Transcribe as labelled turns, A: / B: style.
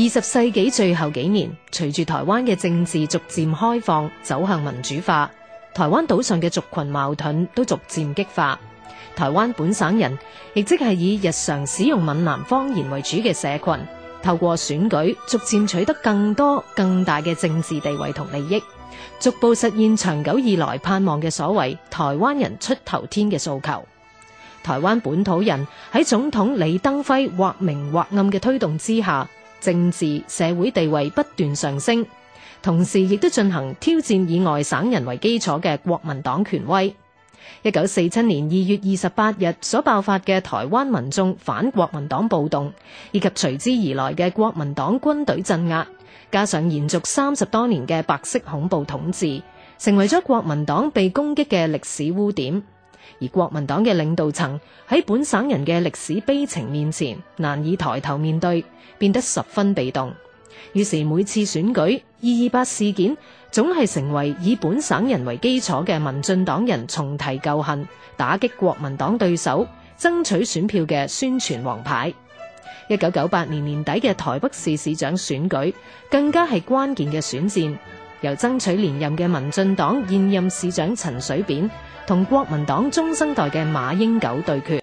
A: 二十世紀最後幾年，隨住台灣嘅政治逐漸開放，走向民主化，台灣島上嘅族群矛盾都逐漸激化。台灣本省人，亦即係以日常使用閩南方言為主嘅社群，透過選舉逐漸取得更多、更大嘅政治地位同利益，逐步實現長久以來盼望嘅所謂台灣人出頭天嘅訴求。台灣本土人喺總統李登輝或明或暗嘅推動之下，政治社會地位不斷上升，同時亦都進行挑戰以外省人為基礎嘅國民黨權威。一九四七年二月二十八日所爆發嘅台灣民眾反國民黨暴動，以及隨之而來嘅國民黨軍隊鎮壓，加上延續三十多年嘅白色恐怖統治，成為咗國民黨被攻擊嘅歷史污點。而國民黨嘅領導層喺本省人嘅歷史悲情面前難以抬頭面對，變得十分被動。於是每次選舉，二二八事件總係成為以本省人為基礎嘅民進黨人重提舊恨、打擊國民黨對手、爭取選票嘅宣傳王牌。一九九八年年底嘅台北市市長選舉更加係關鍵嘅選戰，由爭取連任嘅民進黨現任市長陳水扁。同國民黨中生代嘅馬英九對決。